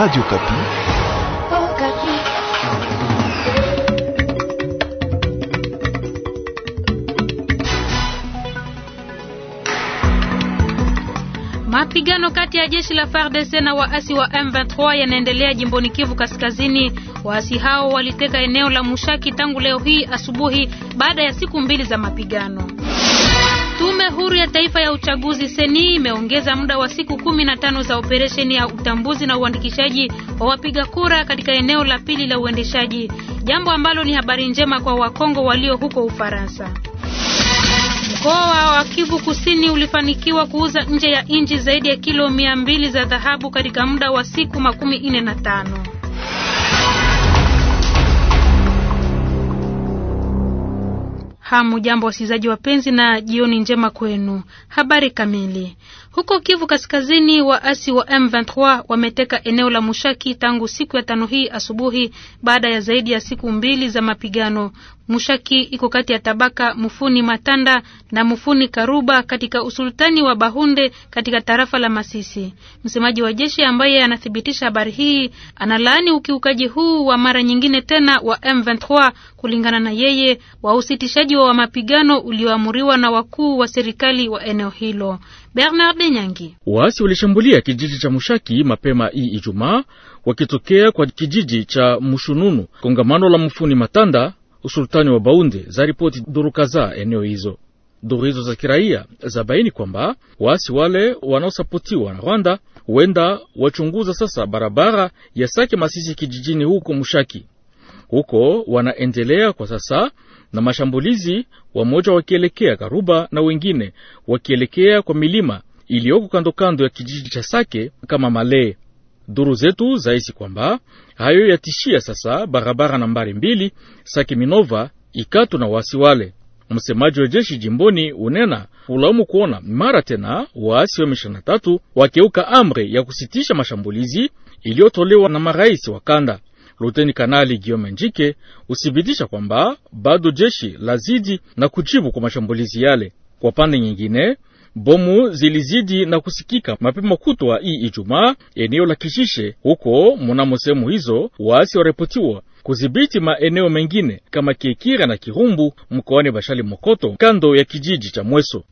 Radio Kapi. Oh, Kapi. Mapigano kati ya jeshi la FARDC na waasi wa M23 yanaendelea jimboni Kivu Kaskazini. Waasi hao waliteka eneo la Mushaki tangu leo hii asubuhi baada ya siku mbili za mapigano. Tume huru ya taifa ya uchaguzi seni imeongeza muda wa siku kumi na tano za operesheni ya utambuzi na uandikishaji wa wapiga kura katika eneo la pili la uendeshaji, jambo ambalo ni habari njema kwa Wakongo walio huko Ufaransa. Mkoa wa Kivu Kusini ulifanikiwa kuuza nje ya nchi zaidi ya kilo mia mbili za dhahabu katika muda wa siku makumi nne na tano. hamu jambo wasikilizaji wapenzi, na jioni njema kwenu. Habari kamili huko Kivu Kaskazini, waasi wa M23 wameteka eneo la Mushaki tangu siku ya tano hii asubuhi baada ya zaidi ya siku mbili za mapigano. Mushaki iko kati ya tabaka Mufuni Matanda na Mufuni Karuba katika usultani wa Bahunde katika tarafa la Masisi. Msemaji wa jeshi ambaye anathibitisha habari hii analaani ukiukaji huu wa mara nyingine tena wa M23. Kulingana na yeye, wa usitishaji wa mapigano ulioamuriwa na wakuu wa serikali wa eneo hilo. Bernard Nyangi. Waasi walishambulia kijiji cha Mushaki mapema hii Ijumaa wakitokea kwa kijiji cha Mushununu, kongamano la Mfuni Matanda, usultani wa Baunde, za ripoti duru kadhaa eneo hizo. Duru hizo za kiraia za baini kwamba waasi wale wanaosapotiwa na Rwanda huenda wachunguza sasa barabara ya Sake Masisi kijijini huko Mushaki. Huko wanaendelea kwa sasa na mashambulizi, wamoja wakielekea Karuba na wengine wakielekea kwa milima iliyoko kandokando ya kijiji cha Sake kama Malee. Duru zetu zaisi kwamba hayo yatishia sasa barabara nambari mbili Sake Minova Ikatu na waasi wale. Msemaji wa jeshi jimboni unena ulaumu kuona mara tena waasi wa M23 wakeuka amri ya kusitisha mashambulizi iliyotolewa na marais wa kanda. Luteni Kanali Giome Njike husibitisha kwamba bado jeshi lazidi na kujibu kwa mashambulizi yale. Kwa pande nyingine, bomu zilizidi na kusikika mapema kutwa hii Ijumaa eneo la Kishishe. Huko munamo sehemu hizo waasi waripotiwa kudhibiti maeneo mengine kama Kiekira na Kirumbu mkoani Bashali Mokoto, kando ya kijiji cha Mweso.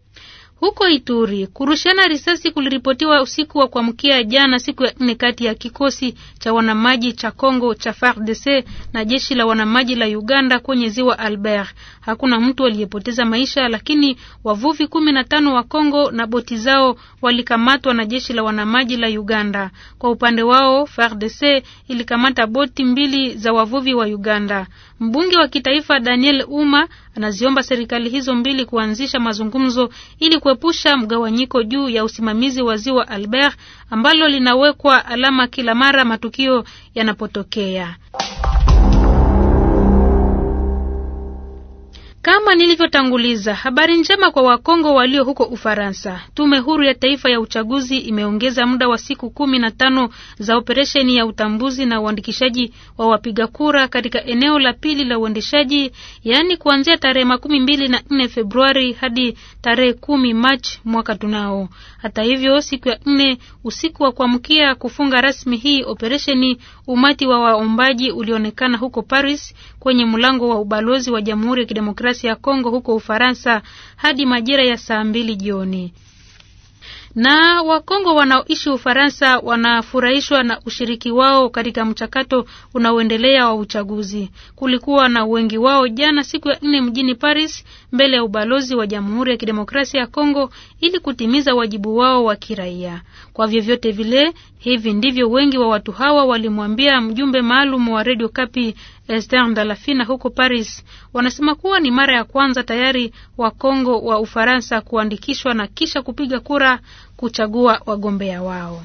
Huko Ituri, kurushana risasi kuliripotiwa usiku wa kuamkia jana siku ya nne kati ya kikosi cha wanamaji cha Kongo cha FARDC na jeshi la wanamaji la Uganda kwenye ziwa Albert. Hakuna mtu aliyepoteza maisha, lakini wavuvi kumi na tano wa Kongo na boti zao walikamatwa na jeshi la wanamaji la Uganda. Kwa upande wao, FARDC ilikamata boti mbili za wavuvi wa Uganda. Mbunge wa kitaifa Daniel Uma anaziomba serikali hizo mbili kuanzisha mazungumzo ili kuepusha mgawanyiko juu ya usimamizi wa ziwa Albert ambalo linawekwa alama kila mara matukio yanapotokea. Kama nilivyotanguliza, habari njema kwa Wakongo walio huko Ufaransa. Tume huru ya taifa ya uchaguzi imeongeza muda wa siku kumi na tano za operesheni ya utambuzi na uandikishaji wa wapiga kura katika eneo la pili la uendeshaji, yaani kuanzia tarehe makumi mbili na nne Februari hadi tarehe kumi Machi mwaka tunao. Hata hivyo, siku ya nne usiku wa kuamkia kufunga rasmi hii operesheni, umati wa waombaji ulionekana huko Paris kwenye mlango wa ubalozi wa Jamhuri ya Kidemokrasia ya Kongo huko Ufaransa hadi majira ya saa mbili jioni. Na Wakongo wanaoishi Ufaransa wanafurahishwa na ushiriki wao katika mchakato unaoendelea wa uchaguzi. Kulikuwa na wengi wao jana siku ya nne mjini Paris mbele ya ubalozi wa Jamhuri ya Kidemokrasia ya Kongo ili kutimiza wajibu wao wa kiraia. Kwa vyovyote vile, hivi ndivyo wengi wa watu hawa walimwambia mjumbe maalum wa Radio Kapi Esther Ndalafina huko Paris. Wanasema kuwa ni mara ya kwanza tayari Wakongo wa Ufaransa kuandikishwa na kisha kupiga kura kuchagua wagombea wao.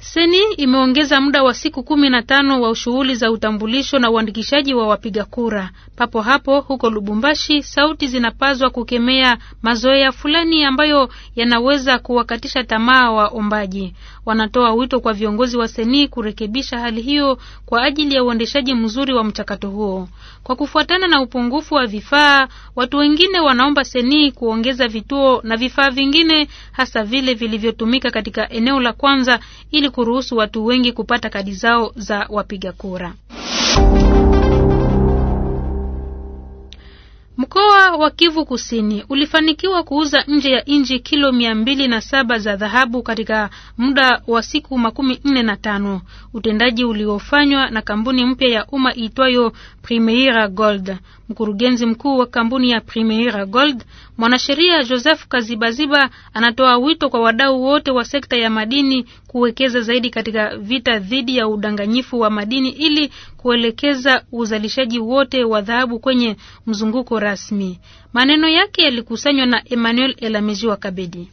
Seni imeongeza muda wa siku kumi na tano wa shughuli za utambulisho na uandikishaji wa wapiga kura. Papo hapo huko Lubumbashi, sauti zinapazwa kukemea mazoea fulani ambayo yanaweza kuwakatisha tamaa wa ombaji Wanatoa wito kwa viongozi wa Seni kurekebisha hali hiyo kwa ajili ya uendeshaji mzuri wa mchakato huo. Kwa kufuatana na upungufu wa vifaa, watu wengine wanaomba Seni kuongeza vituo na vifaa vingine, hasa vile vilivyotumika katika eneo la kwanza ili ili kuruhusu watu wengi kupata kadi zao za wapiga kura. Mkoa wa Kivu Kusini ulifanikiwa kuuza nje ya nchi kilo mia mbili na saba za dhahabu katika muda wa siku makumi nne na tano, utendaji uliofanywa na kampuni mpya ya umma iitwayo Primeira Gold. Mkurugenzi mkuu wa kampuni ya Primera Gold, mwanasheria Joseph Kazibaziba, anatoa wito kwa wadau wote wa sekta ya madini kuwekeza zaidi katika vita dhidi ya udanganyifu wa madini ili kuelekeza uzalishaji wote wa dhahabu kwenye mzunguko rasmi. Maneno yake yalikusanywa na Emmanuel Elamezi wa Kabedi.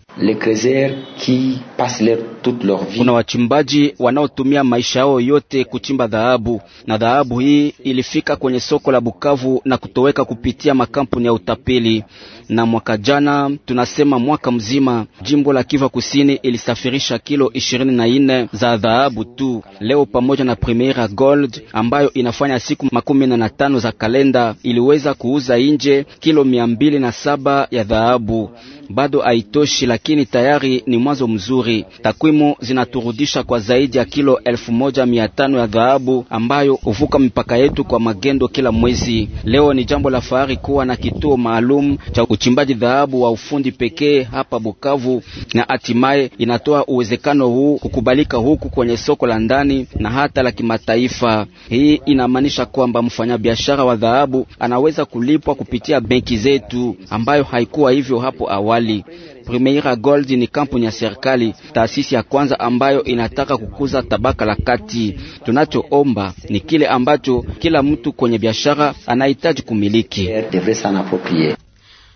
Kuna wachimbaji wanaotumia maisha yao yote kuchimba dhahabu, na dhahabu hii ilifika kwenye soko la Bukavu na kutoweka kupitia makampuni ya utapeli. Na mwaka jana, tunasema mwaka mzima, jimbo la Kivu Kusini ilisafirisha kilo ishirini na za dhahabu tu. Leo pamoja na Primera Gold ambayo inafanya siku makumi na tano za kalenda, iliweza kuuza nje kilo mia mbili na saba ya dhahabu bado haitoshi, lakini tayari ni mwanzo mzuri. Takwimu zinaturudisha kwa zaidi ya kilo elfu moja mia tano ya dhahabu ambayo huvuka mipaka yetu kwa magendo kila mwezi. Leo ni jambo la fahari kuwa na kituo maalum cha uchimbaji dhahabu wa ufundi pekee hapa Bukavu, na hatimaye inatoa uwezekano huu kukubalika huku kwenye soko la ndani na hata la kimataifa. Hii inamaanisha kwamba mfanyabiashara wa dhahabu anaweza kulipwa kupitia benki zetu ambayo haikuwa hivyo hapo awali serikali. Primeira Gold ni kampuni ya serikali, taasisi ya kwanza ambayo inataka kukuza tabaka la kati. Tunachoomba ni kile ambacho kila mtu kwenye biashara anahitaji kumiliki. Eh,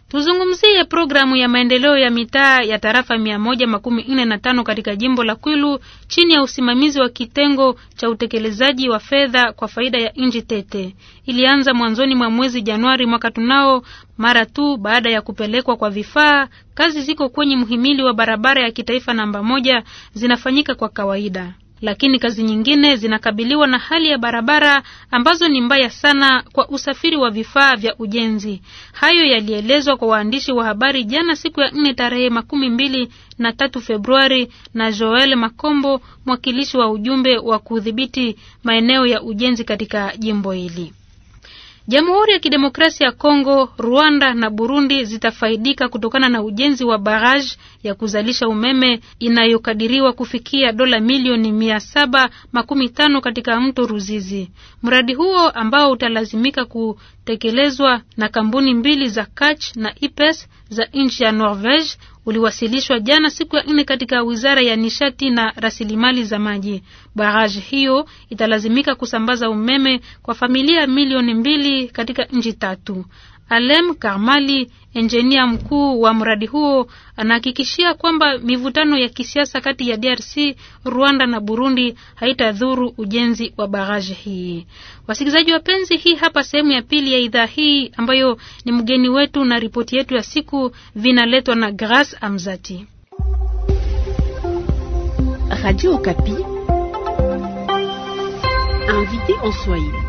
Tuzungumzie programu ya maendeleo ya mitaa ya tarafa mia moja makumi nne na tano katika jimbo la Kwilu chini ya usimamizi wa kitengo cha utekelezaji wa fedha kwa faida ya nchi tete. Ilianza mwanzoni mwa mwezi Januari mwaka tunao. Mara tu baada ya kupelekwa kwa vifaa, kazi ziko kwenye mhimili wa barabara ya kitaifa namba moja zinafanyika kwa kawaida lakini kazi nyingine zinakabiliwa na hali ya barabara ambazo ni mbaya sana kwa usafiri wa vifaa vya ujenzi. Hayo yalielezwa kwa waandishi wa habari jana siku ya nne tarehe makumi mbili na tatu Februari na Joel Makombo, mwakilishi wa ujumbe wa kudhibiti maeneo ya ujenzi katika jimbo hili. Jamhuri ya Kidemokrasia ya Kongo, Rwanda na Burundi zitafaidika kutokana na ujenzi wa baraj ya kuzalisha umeme inayokadiriwa kufikia dola milioni mia saba makumi tano katika mto Ruzizi. Mradi huo ambao utalazimika kutekelezwa na kampuni mbili za Kach na IPES za nchi ya Norvege uliwasilishwa jana siku ya nne katika wizara ya nishati na rasilimali za maji. Baraji hiyo italazimika kusambaza umeme kwa familia milioni mbili katika nchi tatu. Alem Karmali, enjinia mkuu wa mradi huo, anahakikishia kwamba mivutano ya kisiasa kati ya DRC, Rwanda na Burundi haitadhuru ujenzi wa baraje hii. Wasikilizaji wapenzi, hii hapa sehemu ya pili ya idhaa hii ambayo ni mgeni wetu na ripoti yetu ya siku vinaletwa na Grace Amzati. Radio Okapi. Invité en Swahili.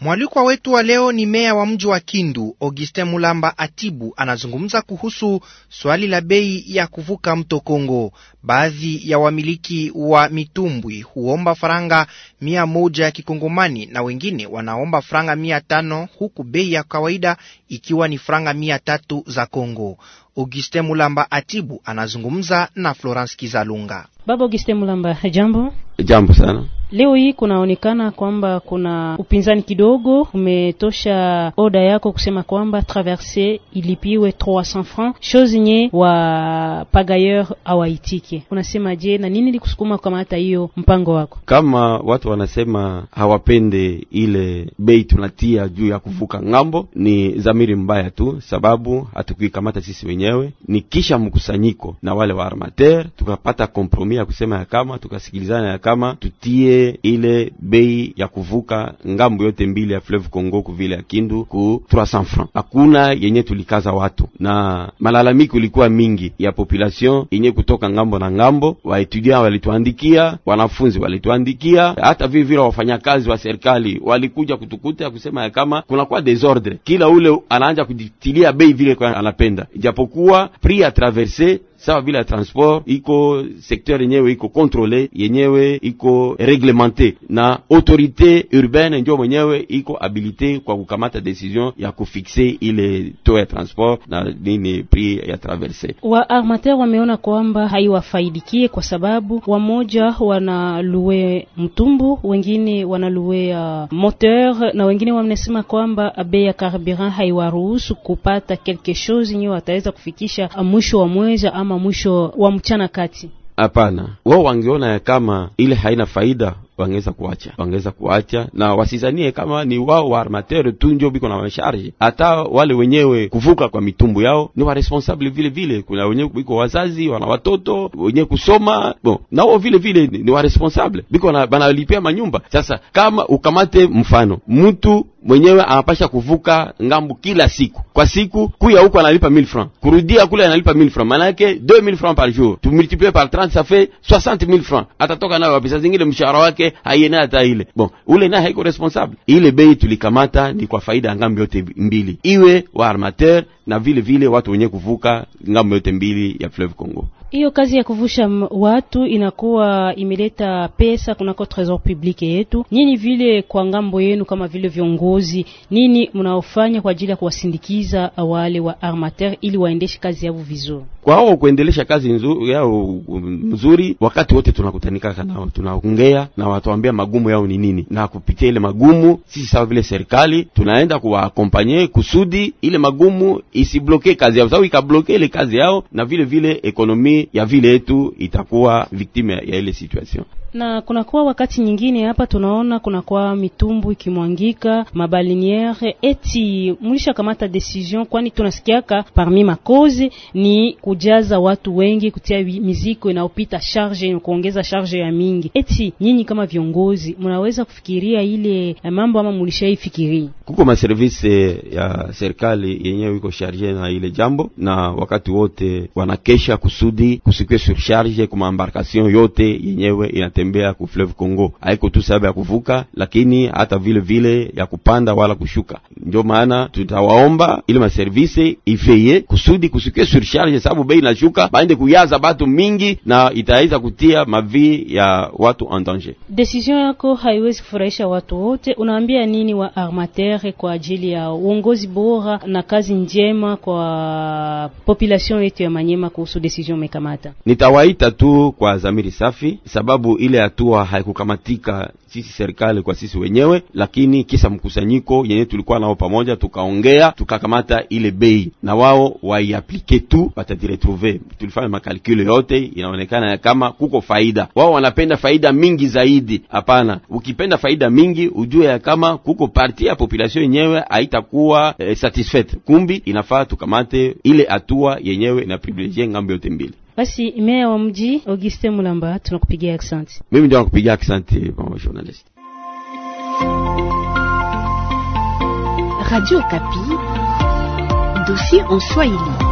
Mwalikwa wetu wa leo ni meya wa mji wa Kindu, Augustin Mulamba Atibu, anazungumza kuhusu swali la bei ya kuvuka mto Kongo. Baadhi ya wamiliki wa mitumbwi huomba faranga mia moja ya kikongomani na wengine wanaomba faranga mia tano huku bei ya kawaida ikiwa ni faranga mia tatu za Kongo. Augustin Mulamba Atibu anazungumza na Florence Kizalunga. Baba Augustin Mulamba, jambo. Jambo sana. Leo hii kunaonekana kwamba kuna upinzani kidogo. Umetosha oda yako kusema kwamba traverse ilipiwe 300 francs, chose nye wa pagayeur awaitike. Unasema je, na nini likusukuma kukamata hiyo mpango wako? Kama watu wanasema hawapende ile bei tunatia juu ya kuvuka ng'ambo, ni zamiri mbaya tu, sababu hatukuikamata sisi wenyewe. Ni kisha mkusanyiko na wale wa armateur tukapata kompromis ya kusema ya kama tukasikilizana ya kama tutie ile bei ya kuvuka ngambo yote mbili ya Fleuve Congo vile ya Kindu ku 300 francs. Hakuna yenye tulikaza watu na malalamiko ilikuwa mingi ya population yenye kutoka ngambo na ngambo. Waetudiant walituandikia, wanafunzi walituandikia, hata vile vile wafanyakazi wa serikali walikuja kutukuta ya kusema ya kama kunakuwa desordre, kila ule anaanja kujitilia bei vile kwa anapenda, ijapokuwa prix a traverser sawa bila transport iko sekteur yenyewe iko kontrole yenyewe iko reglemente na autorite urbaine, ndio mwenyewe iko habilite kwa kukamata decision ya kufixe ile to ya transport na nini prix ya traverse. Wa armateur wameona kwamba haiwafaidikie kwa sababu wamoja wanalue mtumbu, wengine wanaluea uh, moteur na wengine wamesema kwamba bei ya carburant haiwaruhusu kupata quelque chose nyo wataweza kufikisha mwisho wa mwezi kama mwisho wa mchana kati. Hapana, wao wangeona ya kama ile haina faida, wangeweza kuacha, wangeweza kuacha na wasizanie kama ni wao wa armateur tu ndio biko na masharge. Hata wale wenyewe kuvuka kwa mitumbu yao ni wa responsable vile vile, kuna wenyewe biko wazazi wana watoto wenyewe kusoma bon, na wao vile vile ni, ni wa responsable biko na banalipia manyumba. Sasa kama ukamate mfano mtu mwenyewe anapasha kuvuka ngambu kila siku kwa siku kuya huko analipa 1000 francs, kurudia kule analipa 1000 francs, maana yake 2000 francs par jour, tu multiplier par 30 ça fait 60000 francs. Atatoka nayo pesa zingine mshahara wake ile haiene hata ile bon, ule naye haiko responsable. Ile bei tulikamata ni kwa faida ya ngambo yote mbili, iwe wa armateur na vile vile watu wenye kuvuka ngambo yote mbili ya fleuve Congo. Hiyo kazi ya kuvusha watu inakuwa imeleta pesa kunako trésor public yetu. nini vile kwa ngambo yenu, kama vile viongozi, nini mnaofanya kwa ajili ya kuwasindikiza wale wa armateur ili waendeshe kazi yao vizuri? Kwa kuendelesha kazi nzuri yao mzuri, wakati wote tunakutanika nao, tunaongea na watuambia magumu yao ni nini, na kupitia ile magumu sisi sawa vile serikali tunaenda kuwaakompanye kusudi ile magumu isibloke kazi yao, sababu ikabloke ile kazi yao na vile vile ekonomi il y a ya vile yetu itakuwa victime ya ile situation. na kunakuwa wakati nyingine hapa tunaona kunakuwa mitumbu ikimwangika mabaliniere. Eti mlisha kamata decision, kwani tunasikiaka parmi makozi ni kujaza watu wengi, kutia miziko inaopita charge na kuongeza charge ya mingi. Eti nyinyi kama viongozi mnaweza kufikiria ile eh, mambo ama mlishaifikiria? Kuko maservise ya serikali yenyewe iko charge na ile jambo, na wakati wote wanakesha kusudi kusikwe surcharge kwa embarkation yote yenyewe ina kutembea ku fleuve Congo, haiko tu sababu ya kuvuka, lakini hata vile vile ya kupanda wala kushuka. Ndio maana tutawaomba ili maservise iveye kusudi kusikie surcharge, sababu bei inashuka, baende kuyaza batu mingi na itaweza kutia mavi ya watu en danger. Decision yako haiwezi kufurahisha watu wote. Unaambia nini wa armateur kwa ajili ya uongozi bora na kazi njema kwa population yetu ya Manyema kuhusu decision mekamata? Nitawaita tu kwa zamiri safi sababu ile hatua haikukamatika sisi serikali kwa sisi wenyewe, lakini kisa mkusanyiko yenye tulikuwa nao pamoja, tukaongea tukakamata ile bei na wao waiaplike tu, watajiretrouve. Tulifanya makalkulo yote, inaonekana ya kama kuko faida. Wao wanapenda faida mingi zaidi. Hapana, ukipenda faida mingi ujue ya kama kuko parti ya population yenyewe haitakuwa eh, satisfaite. Kumbi inafaa tukamate ile hatua yenyewe, na privilegie ngambo yote mbili. Basi meya wa mji Auguste Mulamba, tunakupigia aksanti. Mimi ndio nakupigia aksanti bon journalist. Radio Kapi, dossier en Swahili.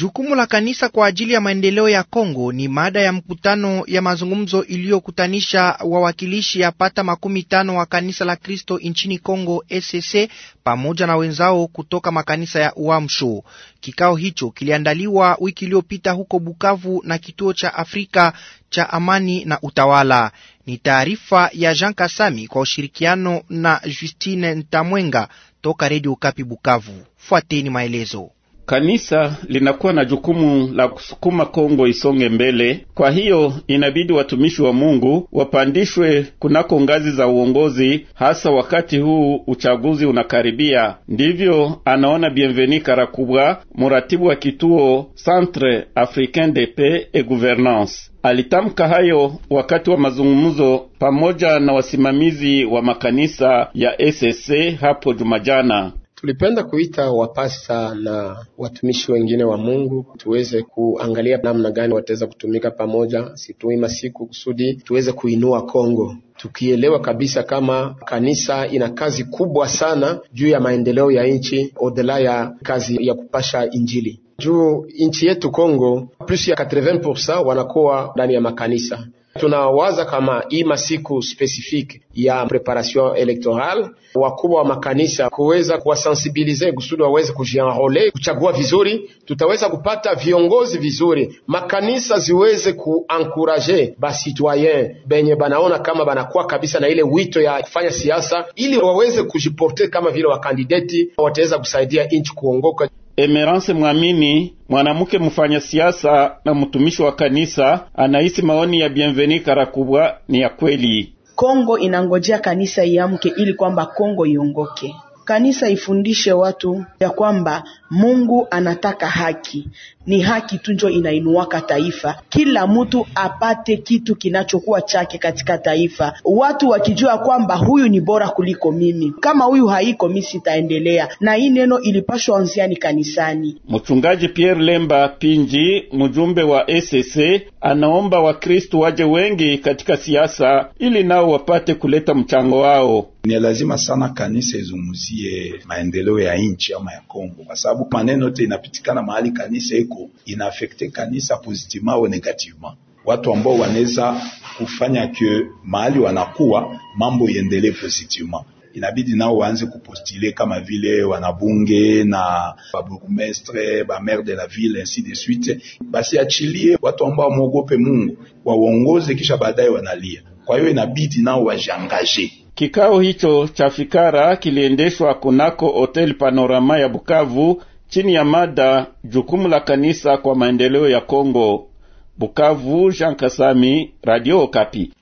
Jukumu la kanisa kwa ajili ya maendeleo ya Kongo ni mada ya mkutano ya mazungumzo iliyokutanisha wawakilishi pata makumi tano wa kanisa la Kristo nchini Kongo ECC pamoja na wenzao kutoka makanisa ya Uamsho. Kikao hicho kiliandaliwa wiki iliyopita huko Bukavu na kituo cha Afrika cha amani na utawala. Ni taarifa ya Jean Kasami kwa ushirikiano na Justine Ntamwenga toka Radio Kapi Bukavu. Fuateni maelezo. Kanisa linakuwa na jukumu la kusukuma Kongo isonge mbele. Kwa hiyo inabidi watumishi wa Mungu wapandishwe kunako ngazi za uongozi, hasa wakati huu uchaguzi unakaribia. Ndivyo anaona Bienveni Karakubwa, muratibu wa kituo Centre Africain de Paix et Gouvernance. Alitamka hayo wakati wa mazungumzo pamoja na wasimamizi wa makanisa ya SSA hapo Jumajana. Tulipenda kuita wapasta na watumishi wengine wa Mungu tuweze kuangalia namna gani wataweza kutumika pamoja situima siku kusudi tuweze kuinua Kongo tukielewa kabisa kama kanisa ina kazi kubwa sana juu ya maendeleo ya nchi odela ya kazi ya kupasha Injili juu nchi yetu Kongo plus ya 80% wanakuwa ndani ya makanisa tunawaza kama ima siku specific ya preparation electorale, wakubwa wa makanisa kuweza kuwasensibilize kusudi waweze kujienrole kuchagua vizuri, tutaweza kupata viongozi vizuri, makanisa ziweze kuankuraje basitoyen benye banaona kama banakuwa kabisa na ile wito ya kufanya siasa, ili waweze kujiporte kama vile wakandideti wataweza kusaidia nchi kuongoka. Emerance Mwamini, mwanamke mfanya siasa na mtumishi wa kanisa, anahisi maoni ya Bienveni Karakubwa ni ya kweli. Kongo inangojea kanisa iamke ili kwamba Kongo iongoke. Kanisa ifundishe watu ya kwamba Mungu anataka haki. Ni haki tu njo inainuaka taifa, kila mtu apate kitu kinachokuwa chake katika taifa, watu wakijua kwamba huyu ni bora kuliko mimi, kama huyu haiko mi sitaendelea. Na hii neno ilipashwa anziani kanisani. Mchungaji Pierre Lemba Pinji, mjumbe wa ECC, anaomba Wakristo waje wengi katika siasa ili nao wapate kuleta mchango wao ni lazima sana kanisa izungumzie maendeleo ya nchi ama ya Kongo, kwa sababu maneno yote inapitikana mahali kanisa iko inaafekte kanisa positivement au negativement watu ambao wanaweza kufanya ke mahali wanakuwa mambo iendelee positivement, inabidi nao waanze kupostile kama vile wanabunge na baburgmestre ba maire de la ville ainsi de suite. Basi achilie watu ambao wamwogope Mungu waongoze, kisha baadaye wanalia. Kwa hiyo inabidi nao wajangaje Kikao hicho cha fikara kiliendeshwa kunako Hotel Panorama ya Bukavu chini ya mada jukumu la kanisa kwa maendeleo ya Kongo. Bukavu, Jean Kasami, Radio Kapi.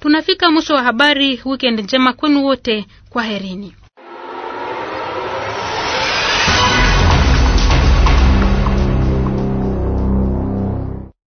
Tunafika mwisho wa habari. Weekend njema kwenu wote, kwa herini